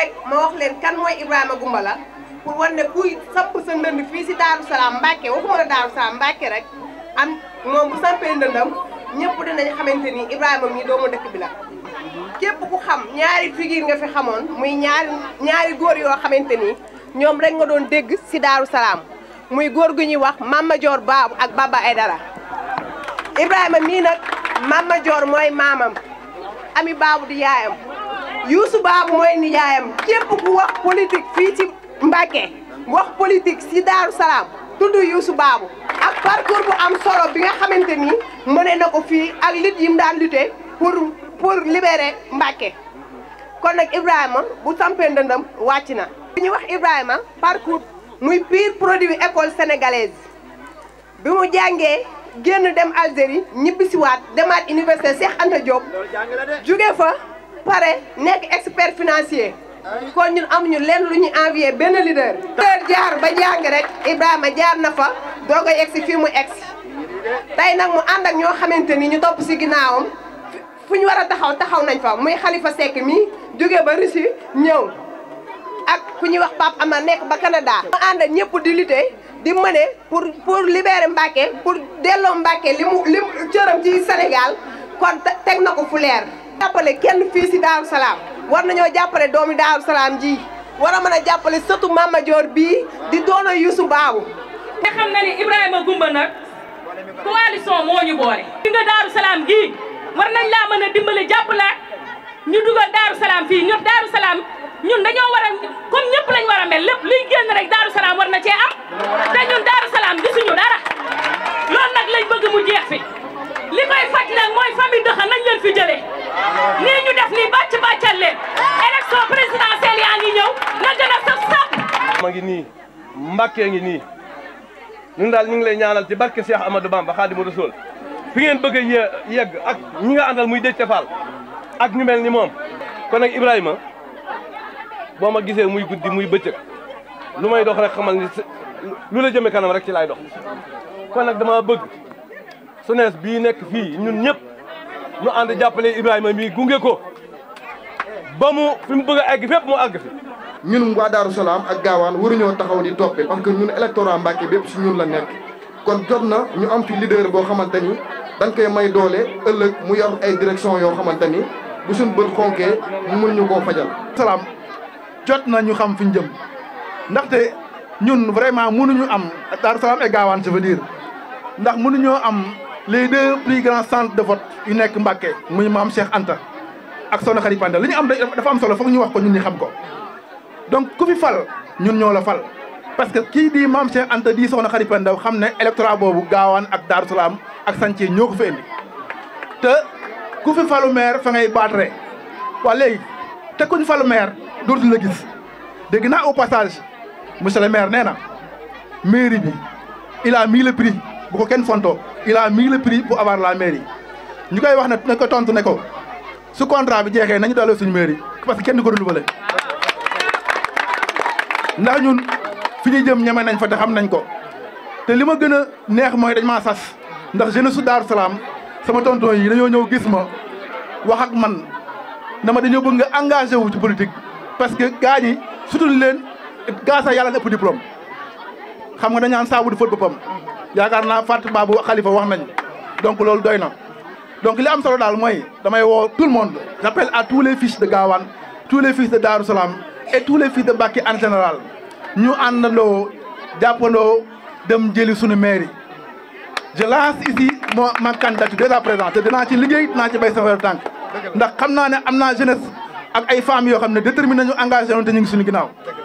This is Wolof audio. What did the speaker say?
teg ma wax leen kan mooy Ibrahima la pour wan ne kuy samp sa ndënd fii si Daaru Salaam Mbàkke waxuma la Daaru Salaam Mbàkke rek am moom bu sampee ndëndam ñëpp dinañ xamante ni Ibrahima mii doomu dëkk bi la képp ku xam ñaari figure nga fi xamoon muy ñaari ñaari góor yoo xamante ni ñoom rek nga doon dégg si Daaru Salaam muy góor gu ñuy wax Mama Dior Ba ak Baba Aydara Ibrahima mii nag Mama Dior mooy maamam Ami Baabu di yaayam Youssou Ba mooy nijaayam képp ku wax politique fii ci Mbacké wax politique si Daaru tudd Youssou Babou ak parcours bu am solo bi nga xamante ni mëne na ko fii ak lutte yi mu daan lutter pour pour libérer Mbacké kon nag Ibrahima bu sampee ndëndam wàcc na bi ñu wax Ibrahima parcours muy pire produit école sénégalaise bi mu jàngee génn dem Algérie ñibbisiwaat demaat université Cheikh Anta Diop jóge fa pare nekk expert financier kon ñun amuñu lenn lu ñuy envier benn leader. leader jaar ba jàng rek Ibrahima jaar na fa doog a egsi fii mu egsi tey nag mu ànd ak ñoo xamante ni ñu topp si ginnaawam fu ñu war a taxaw taxaw nañ fa muy xalifa Seck mi jóge ba Russie ñëw ak ku ñuy wax Pape Amar nekk ba Canada. mu ànd ak ñëpp di lutter di mëne pour pour libérer Mbacké pour delloo Mbacké li mu li cëram ci Sénégal kon teg na ko fu leer. jàppale kenn fii si Daaru Salaam war nañoo jàppale doomi Daaru Salaam ji war a mën a jàppale sëtu Mama Dior bii di doona Youssou Babou te xam na ni Ibrahima Goumba nag coalition moo ñu boole di nga Daaru war nañ laa mën a dimbale jàpp la ñu dugal Daaru fii ñun Daaru Salaam ñun dañoo war a comme ñëpp lañ war a mel lépp luy génn rek Daaru war na cee am leen élection présidentielle yaa ngi ñëw na gën a saf saf. ma ngi nii Mbàkke ngi nii ñun daal ñu ngi lay ñaanal ci barke Cheikh Amadou Bamba mo Rasuul fi ngeen bëgg a yegg ak ñi nga muy de Fall ak ñu mel ni moom. kon nag Ibrahima boo ma gisee muy guddi muy bëcëg lu may dox rek xamal ni lu la jëme kanam rek ci lay dox kon nag dama bëgg jeunesse bii nekk fii ñun ñëpp ñu ànd jàppale Ibrahima mii gunge ko. ba mu fi mu bëgg a egg fépp mu àgg fi ñun waa Daaru Salaam ak gaawaan waruñoo taxaw di toppee parce que ñun électorat Mbàkke bépp si ñun la nekk kon jot na ñu am fi leader boo xamante ni dañ koy may doole ëllëg mu yor ay direction yoo xamante ni bu suñ bët xonkee mu mun ñu koo fajal salaam jot na ñu xam fi ñu jëm ndaxte ñun vraiment mënuñu am Daaru Salaam et gaawaan je veux dire ndax mënuñoo am les deux plus grands centres de vote yu nekk Mbàkke muy am Cheikh Anta ak soxna Khady Penda li ñu am dafa am solo foog ñu wax ko ñun ñi xam ko donc kufi fal ñun ñoo la fal parce que kii di maam Cheikh Anta di soxna Khady Penda xam ne électorat boobu gaawaan ak Daaru ak Santhié ñoo ko fi te ku fi falu maire fa ngay baatre waa léegi te kuñ falu maire dootu la gis dégg na au passage monsieur le maire nee na mairie bi il a le prix bu ko kenn fonto il a mis le prix pour avoir la mairie ñu koy wax ne na ko tontu ne ko su contrat bi jeexee nañu delloo suñu mairie parce que kenn du ko renouvelé ndax ñun fi ñuy jëm ñeme nañ fa te xam nañ ko te li ma gën a neex mooy dañ maa sas ndax jeunesse su Daaru Salaam sama tonton yi dañoo ñëw gis ma wax man na ma ñëw bëgg nga engagé wu ci politique parce que gaa ñi sutul leen gaa sax yàlla na ëpp diplôme xam nga dañaan saabu di fóot boppam yaakaar naa Fatou Babou Khalifa wax nañ donc loolu doy na donc li am solo daal mooy damay woo tout le monde j'appelle à tous les fils de Gawane tous les fils de Darou Salam et tous les fils de Mbacké en général ñu àndandoo jàppandoo dem jëli suñu mairie je lance ici ma ma candidature dès à présent te dinaa ci liggéey dinaa ci béy sama tànk ndax xam naa ne am naa jeunesse ak ay femmes yoo xam ne déterminé nañu engagé woon te ñu ngi suñu ginnaaw